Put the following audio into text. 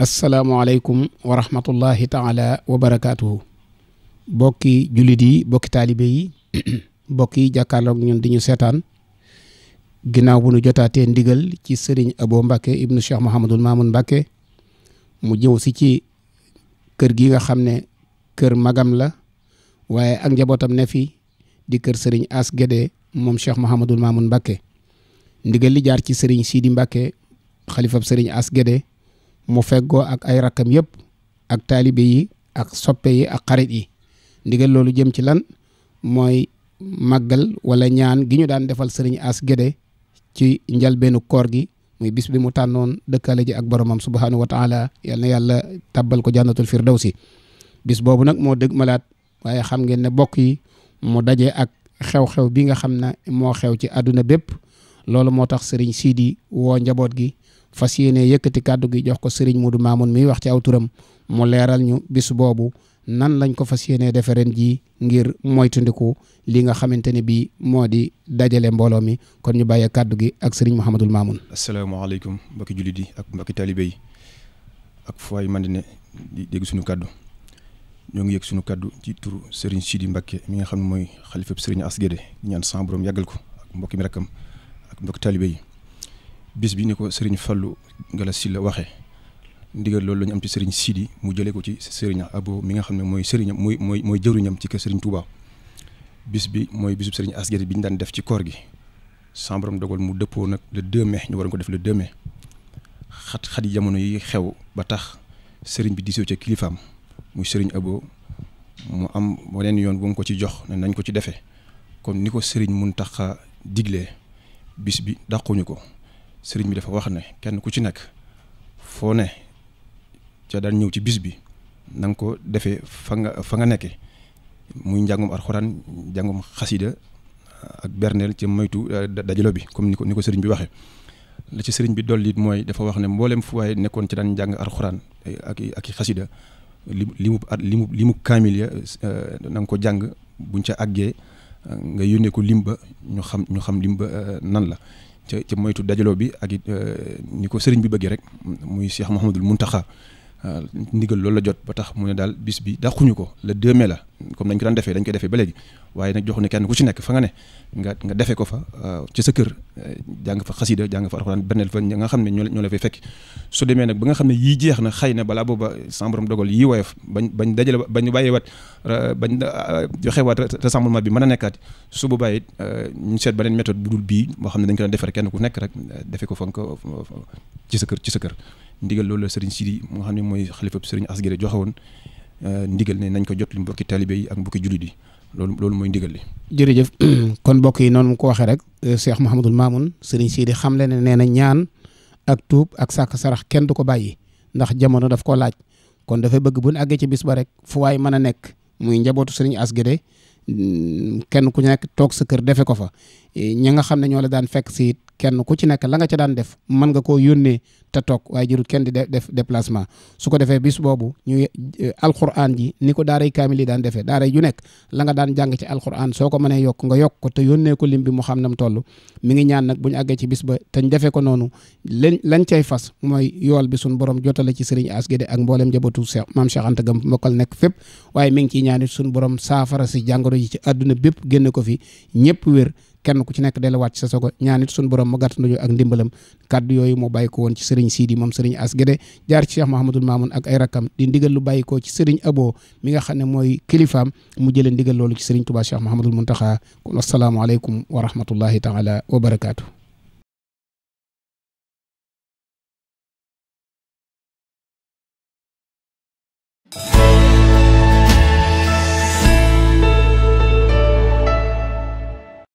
asalaamualeykum wa rahmatullahi taala wa barakaatuhu bokki jullit yi bokki taalibe yi bokki jàkkaarloog ñun di ñu seetaan ginnaaw bu nu jotaatee ndigal ci sëriñ Abo Mbacke ibnu Cheikh Mouhamadul Mamoun Mbacke mu jëw si ci kër gi nga xam ne kër magam la waaye ak njabootam ne fi di kër sëriñ As moom Cheikh Mouhamadul Mamoun Mbacke ndigal li jaar ci sëriñ siidi Mbacke xalifab sëriñ As Guédé mu feggoo ak ay rakkam yëpp ak taalibe yi ak soppe yi ak xarit yi ndigal loolu jëm ci lan mooy màggal wala ñaan gi ñu daan defal sëriñ As Gédé ci njalbeenu koor gi muy bis bi mu tànnoon dëkkaale ji ak boromam subhaanahu wa taala yal na yàlla tabbal ko jannatul firdawsi bis boobu nag moo dëgg malaat waaye xam ngeen ne bokk yi mu daje ak xew-xew bi nga xam na moo xew ci àdduna bépp loolu moo tax sëriñ Sidi woo njaboot gi fas yéene yëkkati kàddu gi jox ko Serigne Modou Mamoun mi wax ci aw turam mu leeral ñu bis boobu nan lañ ko fas yéene defe ren jii ngir moytandiku li nga xamante ne bii moo di dajale mbooloo mi kon ñu bàyyee kàddu gi ak Serigne Mouhamadul Mamoun. asalaamaaleykum mbokki jullit yi ak mbokki talibe yi ak man di ne di dégg suñu kàddu ñoo ngi yëg suñu kàddu ci turu Serigne Sidi Mbacke mi nga xam mooy xalifab Serigne Asgede ñaan sama borom yàggal ko ak mbokki mi rakkam ak mbokki talibe bis bi ni ko sëriñ Fallou si la waxee ndigal loolu la ñu am ci sëriñ Sidi mu jëlee ko ci sëriñ Abo mi nga xam ne mooy sëriñam mooy mooy mooy jëruñam ci kër sëriñ Touba bis bi mooy bisub sëriñ Asgari bi ñu daan def ci koor gi sàmbaram dogal mu dëppoo nag le 2 mai ñu waroon ko def le 2 mai xat xat yi jamono yi xew ba tax sëriñ bi diisoo ca kilifaam muy sëriñ Abo mu am waneen yoon bu mu ko ci jox ne nañ ko ci defee kon ni ko sëriñ tax digle bis bi dàquñu ko. sëriñ bi dafa wax ne kenn ku ci nekk foo ne ca daan ñëw ci bis bi na ko defee fa nga fa nga nekke muy njàngum alxuraan njàngum xasida ak berneel ci moytu eh, dajalo bi comme ni ko ni ko sëriñ bi waxee la ci sëriñ bi dolli it mooy dafa wax ne mboolem fu waaye nekkoon ci daan njàng alxuraan eh, ak aki i xasida li limu mu at li mu kaamil ya eh, na ko jàng buñ ca àggee nga yónnee ko lim ba ñu xam ñu xam lim ba nan la ca ca moytu dajaloo bi ak it euh, ni ko sëriñ bi bëgge rek muy Cheikh Mouhamadul Mountakha euh, ndigal loolu la jot ba tax mu ne daal bis bi dàquñu ko le 2 mai la comme dañ ko daan defee dañ koy defee ba léegi waaye nag joxuñu kenn ku ci nekk fa nga ne nga nga defee ko fa euh, ci sa kër euh, jàng fa xasida jàng fa alxuraan benneel fa nga xam ne ñoo la fay fekk su demee nga xam ne yii jeex na xëy na balaa booba sembrom dogal yii woyof bañ bañ dajale bañ bàyyiwaat bañ euh, joxewaat rassemblement bi mën a nekkaat su boobaa it ñu seet beneen méthode bu dul bii boo xam ne dañ ko daan kenn ku nekk rek defee ko fa ko ci sa kër ci sa kër ndigal loolu la sëriñ Sidi mu nga xam ne mooy xalifa sëriñ Asgire joxe woon Euh, ndigal ne nañ ko jot li mbokki talibe yi ak mbokki jullit yi loolu loolu mooy ndigal li. jërëjëf kon mbokk yi noonu mu ko waxee rek euh, Cheikh Mouhamadul Mamoun sëriñ Sidi xamle ne nee na ñaan ak tuub ak sàkk sarax kenn du ko bàyyi ndax jamono daf koo laaj kon dafay bëgg bu ñu àggee ci bis ba rek fu waay mën a nekk muy njabootu sëriñ Asgede mm, kenn ku nekk toog sa kër defe ko fa eh, ñi nga xam ne ñoo la daan fekk siit kenn ku ci nekk la nga ca daan def mën nga koo yónnee te toog waaye jërut kenn di def déplacement su ko defee bis boobu ñu eh, alxuraan ji ni ko daaray kaamil yi daan defee daaray ju nekk la nga daan jàng ci alxuraan soo ko mënee yokk nga yokk ko te yónnee ko lim bi mu xam mu toll mi ngi ñaan nag bu ñu ci bis ba te ñu defee ko noonu len lañ cay fas mooy yool bi suñ borom jotale ci sëriñ As Guédé ak mboolem njabootu Cheikh maam Cheikh Anta Gam mokkal nekk fépp waaye mi ngi ciy ñaanit suñ borom saafara si jàngoro ji ci àdduna bépp génn ko fi ñëpp wér kenn ku ci nekk delluwaat ci sa sogo ñaan it sunu borom mu gàttanduñu ak ndimbalam kàddu yooyu moo bàyyi ko woon ci sëriñ Sidi moom sëriñ As Gédé jaar ci Cheikh Mahamadul Mamoun ak ay rakkam di ndigal lu bàyyi ko ci sëriñ Abo mi nga xam ne mooy kilifaam mu jëlee ndigal loolu ci sëriñ Touba Cheikh Mahamadul Muntaxa kon asalaamaaleykum wa rahmatullahi taala wa barakaatu